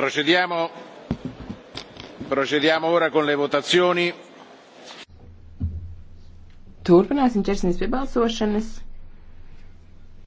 Procediamo, procediamo ora con le votazioni. Turpināsim ķersimies pie balsošanas.